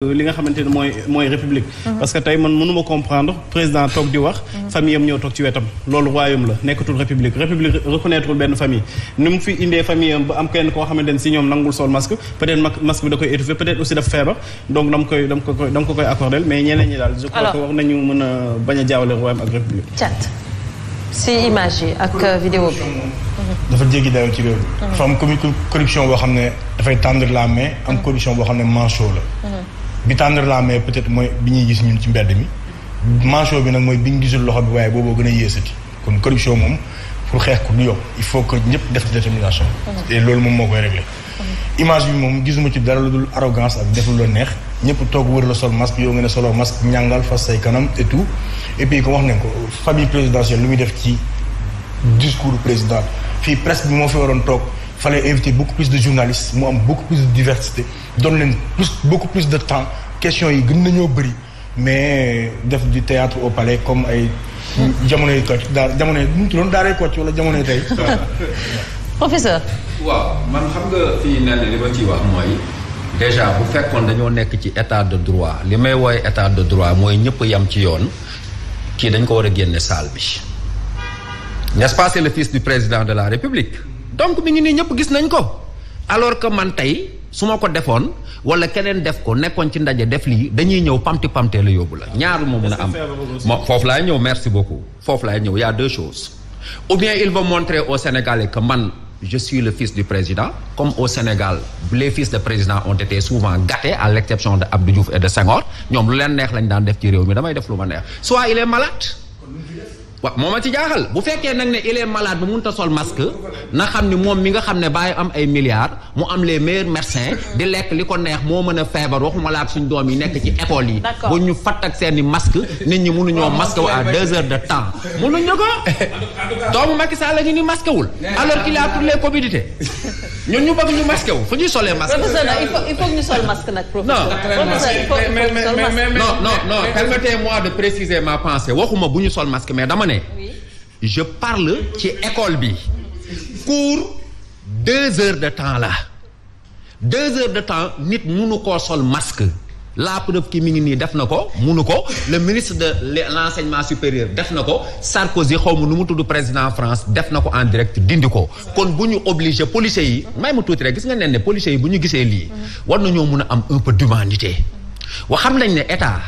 li nga xamante ne mooy mooy république mhm. parce que tey man mënuma comprendre président toog di wax mhm. famille am ñëw toog ci wetam loolu royaume la nekkatul république république reconnaître benn famille ni mu fi indee famille am ba am kenn koo xamante ne koy étouffer peut-être aussi daf feebar donc dama koy dama ko koy accordel mais ñeneen ñi daal je crois que war nañu mën a bañ a jaawale royaume ak république chat si image yi ak euh, vidéo bi mhm. dafa jéggi dayoo ci réew mi dafa boo xam ne dafay tendre la main am commission boo xam ne manchot la bi tendre la main peut-être mooy bi ñuy gis ñun ci mbedd mi manchot bi nag mooy bi ñu gisul loxo bi waaye booboo gën a yéesati kon corruption moom pour xeex ko du yomb il faut que ñëpp def ci détermination. Mm-hmm. et loolu moom moo koy réglé. Mm-hmm. image bi moom gisuma ci dara la dul arrogance ak def lu la neex ñëpp toog wër la sol masque yoo nga ne solo masque ñàngal fas say kanam et tout et puis wax nañ ko famille présidentielle lu muy def ci discours président fii presse bi moo fi waroon toog. fallait inviter beaucoup plus de journalistes mu am beaucoup plus de diversité doon leen plus beaucoup plus de temps question yi gën nañoo bëri mais def du théâtre au palais comme ay jamonoy toj daa jamonoy nu mu tudoon daaree kocc wala jamonoy tey professeur li ma ciy wax mooy déjà bu fekkoon dañoo nekk ci état de droit li may wooy état de droit mooy ñëpp yam ci yoon kii dañ ko war a génne salle bi n'est-ce le fils du président de la république donc mi ngi nii ñëpp gis nañ ko alors que man tey su ma ko defoon wala keneen def ko nekkoon ci ndaje def lii dañuy ñëw pamti pamtee la yóbbu la ah, ñaar moo mën a am moo foofu laay ñëw merci beaucoup foofu laay ñëw y a deux choses ou bien il va montrer aux Sénégalais que man je suis le fils du président comme au Sénégal les fils de président ont été souvent gâtés à l'exception de Abdou Diouf de Senghor ñoom lu leen neex lañ daan def ci réew mi damay def lu ma neex wa moo ma ci jaaxal bu fekkee nag ne il est malade ba mënut a sol masque na xam ni moom mi nga xam ne bàyyi am ay milliards mu am les maire mercin di lekk li ko neex moo mën a feebar waxuma laat suñ doom yi nekk ci école yi. ba ñu fattak seeni masque nit ñi mënuñoo masque wa à deux heures de temps. mënuñu ko doomu Macky Sall la ñu ni masque wul. alors qu'il a toutes les ñu bëgg ñu wu fu ñuy solee masque. professeur nag il faut il faut ñu sol masque nag. professeur professeur il faut ñu sol masque. ma pensée waxuma bu ñu sol masque mais dama ne je parle ci école bi cours deux heures de temps la deux heures de temps nit munu koo sol masque la preuve ki mi ngi nii def na ko munu ko le ministre de l'enseignement supérieur def na ko Sarkozy xaw ma nu mu tudd président France def na ko en direct dindi ko kon bu ñu obligé policiers yi may ma tuuti rek gis nga nen ne policiers yi bu ñu gisee lii mhm. war nañoo mun a am un peu d'humanité wa xam nañ ne état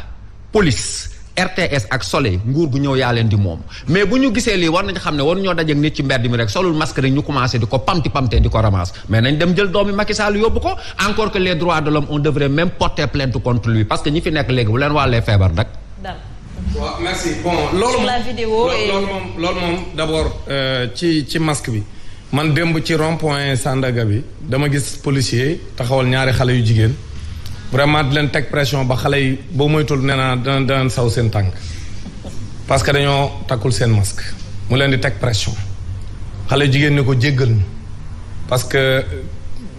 police RTS ak Soleil nguur gu ñëw yaa leen di moom mais bu ñu gisee lii war nañ xam ne war ñoo dajeek nit ci mbedd mi rek solul masque rek ñu commencé di ko pamti pamte di ko ramasse mais nañ dem jël doomi Macky yóbbu ko encore que les droits de l'homme on devrait même porter plainte contre lui parce que ñi fi nekk loolu moom la vidéo loolu euh, ci ci masque bi man démb ci rond point Sandaga bi dama gis policier taxawal ñaari xale yu jigéen. vraiment di leen teg pression ba xale yi boo moytul nee naa dana dana saw seen tànk parce que dañoo takkul seen masque mu leen di teg pression xale jigéen ni ko jéggal ñu parce que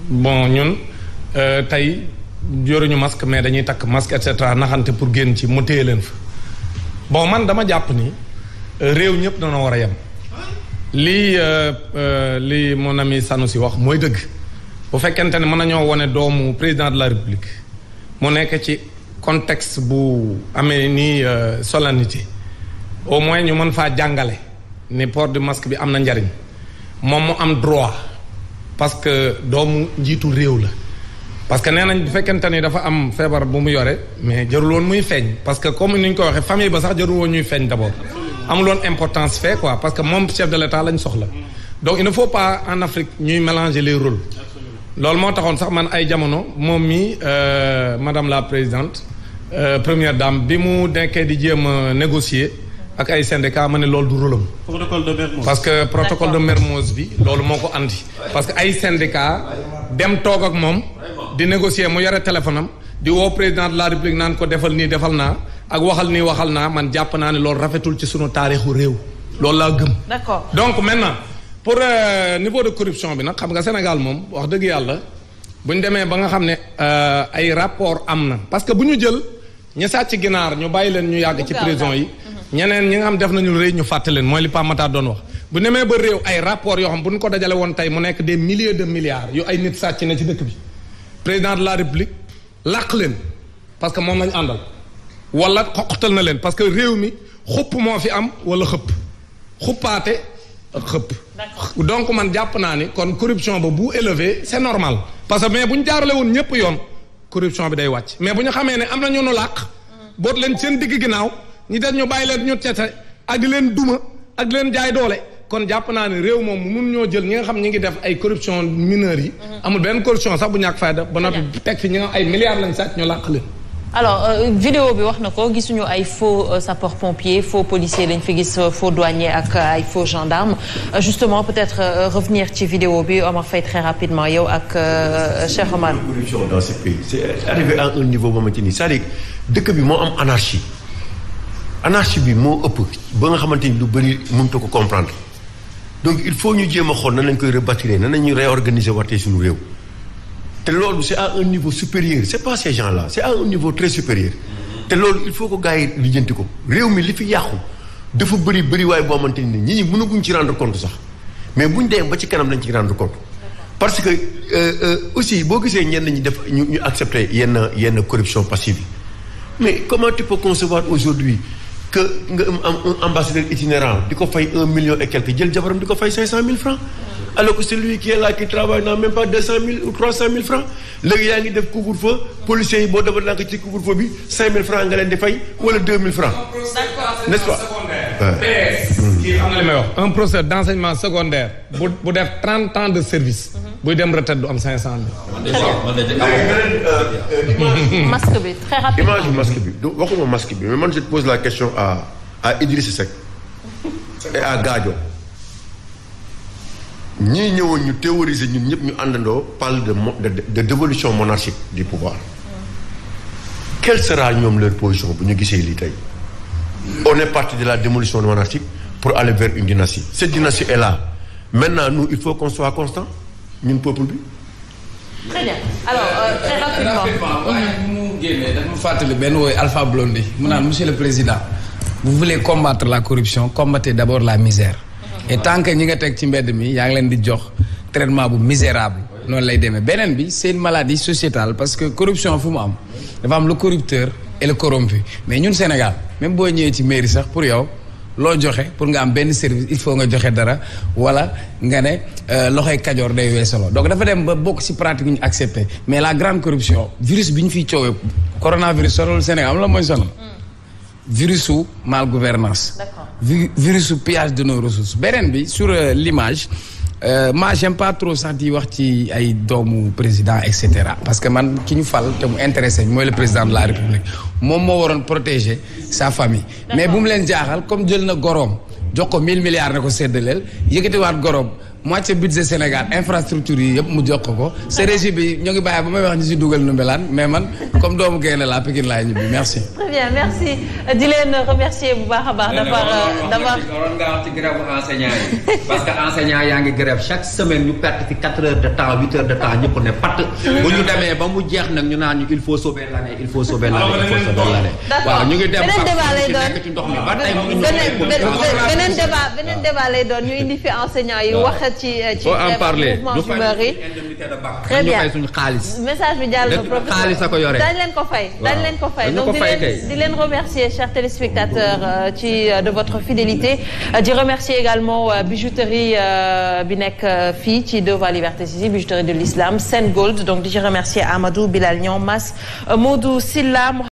bon ñun euh, tey yoruñu masque mais dañuy takk masque et naxante pour génn ci mu téye leen fa bon man dama jàpp ni euh, réew ñëpp danoo war a yem lii euh, lii mon ami si wax mooy dëgg bu fekkente ne mën nañoo wane doomu président de la république mu nekk ci contexte bu amee nii euh, solennité au moins ñu mën faa jàngale ne port du masque bi am na njariñ moom mu am droit parce que doomu njiitu réew la parce que nee nañ bu fekkente ni dafa am feebar bu mu yore mais jarul woon muy feeñ parce que comme ni ñu ko waxee famille ba sax jarul woon ñuy feeñ d'abord amul woon importance fait quoi parce que moom chef de l'État lañ soxla donc il ne faut pas en Afrique ñuy mélanger les rôles loolu moo taxoon sax man ay jamono moom mi euh, madame la présidente euh, première dame bi mu nekkee di jéem a négocier ak ay syndicat ma ne loolu du rôlam parce que protocole de Mermoz bi loolu moo ko andi parce que ay syndicat dem toog ak moom di négocier mu yore téléphone am di woo président de la république naan ko defal nii defal naa ak waxal nii waxal naa man jàpp naa ne loolu rafetul ci sunu taarixu réew loolu laa gëm d'accord donc maintenant pour euh, niveau de corruption bi nag xam nga Sénégal moom wax dëgg yàlla bu ñu demee ba nga xam ne euh, ay rapport am na parce que bu ñu jël ñu sàcc ginaar ñu bàyyi leen ñu yàgg ci prison yi ñeneen ñi nga xam def nañu rëy ñu fàtte leen mooy li Pamata doon wax bu demee ba réew ay rapport yoo xam bu ñu ko dajalee woon tey mu nekk des milliers de milliards yu ay nit sàcc na ci dëkk bi président de la république làq leen parce que moom lañ àndal wala xoqatal na leen parce que réew mi xupp moo fi am wala xëpp ak xëpp. donc man jàpp naa ni kon corruption ba bu élevé c'est normal parce que mais bu ñu jaarale woon ñëpp yoon corruption bi day wàcc mais bu ñu xamee ne am na ñu nu làq. boot leen seen digg ginnaaw ñu def ñu bàyyi leen ñu tete ak di leen duma ak leen jaay doole kon jàpp naa ne réew moom mun ñoo jël ñi nga xam ñi ngi def ay corruption mineures yi. Mhm. amul benn corruption sax bu ñàkk fayda ba noppi teg fi ñi nga ay milliards lañ sàcc ñu làq leen. alors euh, vidéo bi wax na ko gisuñu ay faux euh, sapeur pompier faux policier lañ fi gis euh, faux douanier ak ay faux gendarme justement peut-être revenir ci vidéo bi Omar Faye très rapidement yow ak Cheikh Omar. corruption dans niveau moom ci nii cest à dëkk bi moo am anarchie anarchie bi moo ëpp ba nga xamante ni lu bëri mënut ko comprendre donc il faut ñu jéem a xool nan nañ koy rebâtir nan la ñuy réorganiser waatee suñu réew. te loolu c'est à un niveau supérieur c'est pas ces gens-là c'est à un niveau très supérieur. te loolu il faut que gars yi lijjanti ko réew mi li fi yàqu dafa bëri bëri waaye boo xamante ni ñi ñi mënaguñ ci rendre compte sax mais buñ demee ba ci kanam lañ ci rendre compte. parce que euh, euh, aussi boo gisee ñenn ñi def ñu ñu accepter yenn yenn corruption passive yi mais comment tu peux concevoir aujourd'hui que nga am un ambassadeur itinérant di ko fay un million et quelque jël jabaram di ko fay cinq cent mille francs alors que celui qui est là qui travaille n'a même pas deux cent mille francs léegi yaa ngi def couvre-feu policiers yi boo defal nank ci couvre-feu bi cinq mille francs nga leen di fay wala deux mille francs n'est-ce pas PS may wax un professeur d'enseignement secondaire bu def trente ans de service buy dem retraite du am 500000. masque bi très rapidement. image masque bi du waxuma masque bi mais man je pose la question à à Idriss Seck et à Gadio ñii ñëwoon ñu théoriser ñu ñëpp ñu àndandoo parle de de de dévolution monarchique du pouvoir. quelle sera ñoom leur position bu ñu gisee lii tey on est de la démolition monarchique pour aller vers une dynastie cette dynastie est là maintenant nous il faut constant. ñun peuple bi. très bien alors euh, mhm. mu génnee dafa fàttali benn wooyu Alpha Blondy mu naan monsieur le président. vous voulez combattre la corruption combattez d'abord la misère. et tant que ñi nga teg ci mbedd mi yaa ngi leen di jox traitement bu misérable noonu lay demee beneen bi seen une maladie sociétale parce que corruption fu mu am dafa am le corrupteur et le corrompu mais ñun Sénégal même boo ñëwee ci mairie sax pour yow. loo joxe pour nga am benn service il faut nga joxe dara wala nga ne euh, loxoy kajoor de weesaloo donc dafa dem ba bokk ci pratique ñu accepté mais la grande corruption virus bi ñu fiy coowee coronavirus sonal Sénégal am la mooy sonal hmm. virus su mal gouvernance virus su pillage de nos ressources beneen bi sur euh, l'image Euh, ma j'aime pas trop sax di wax ci ay doomu président et cetera parce que man ki ñu fal te mu intéressé mooy le président de la république moom moo waroon protéger sa famille. mais bu mu leen jaaxal comme jël na goroom jox ko 1000 milliards ne ko séddaleel yëkkatiwaat goroom. moitié budget Sénégal infrastructure yi yëpp mu jox ko sa régie bi ñu ngi bàyyi ba may wax ni si dugal Ndoumbelane mais man comme doomu gaynde laa Pikine laa ñibbi merci. très bien merci di leen remercier bu baax a baax. dafa dafa euh, nga wax ci grève enseignant yaa ngi grève chaque semaine ñu perte ci quatre heures de temps huit heures de temps ne pat. bu ñu demee ba mu jeex nag ñu naan ñu il faut sauver l'année il faut sauver l'année il faut sauver l'année. waaw ñu ngi dem beneen débat ci ci mouvement chômeur yi très bien message bi jàll na professeur dañ leen ko fay dañ leen ko fay donc di leen di leen remercier chers téléspectateurs euh, ci euh, de votre fidélité euh, di remercier également bijouterie bi nekk fii ci devant liberté si bijouterie de l'islam Sen Gold donc di ci remercier Amadou Bilal Niang Mass Modou Silla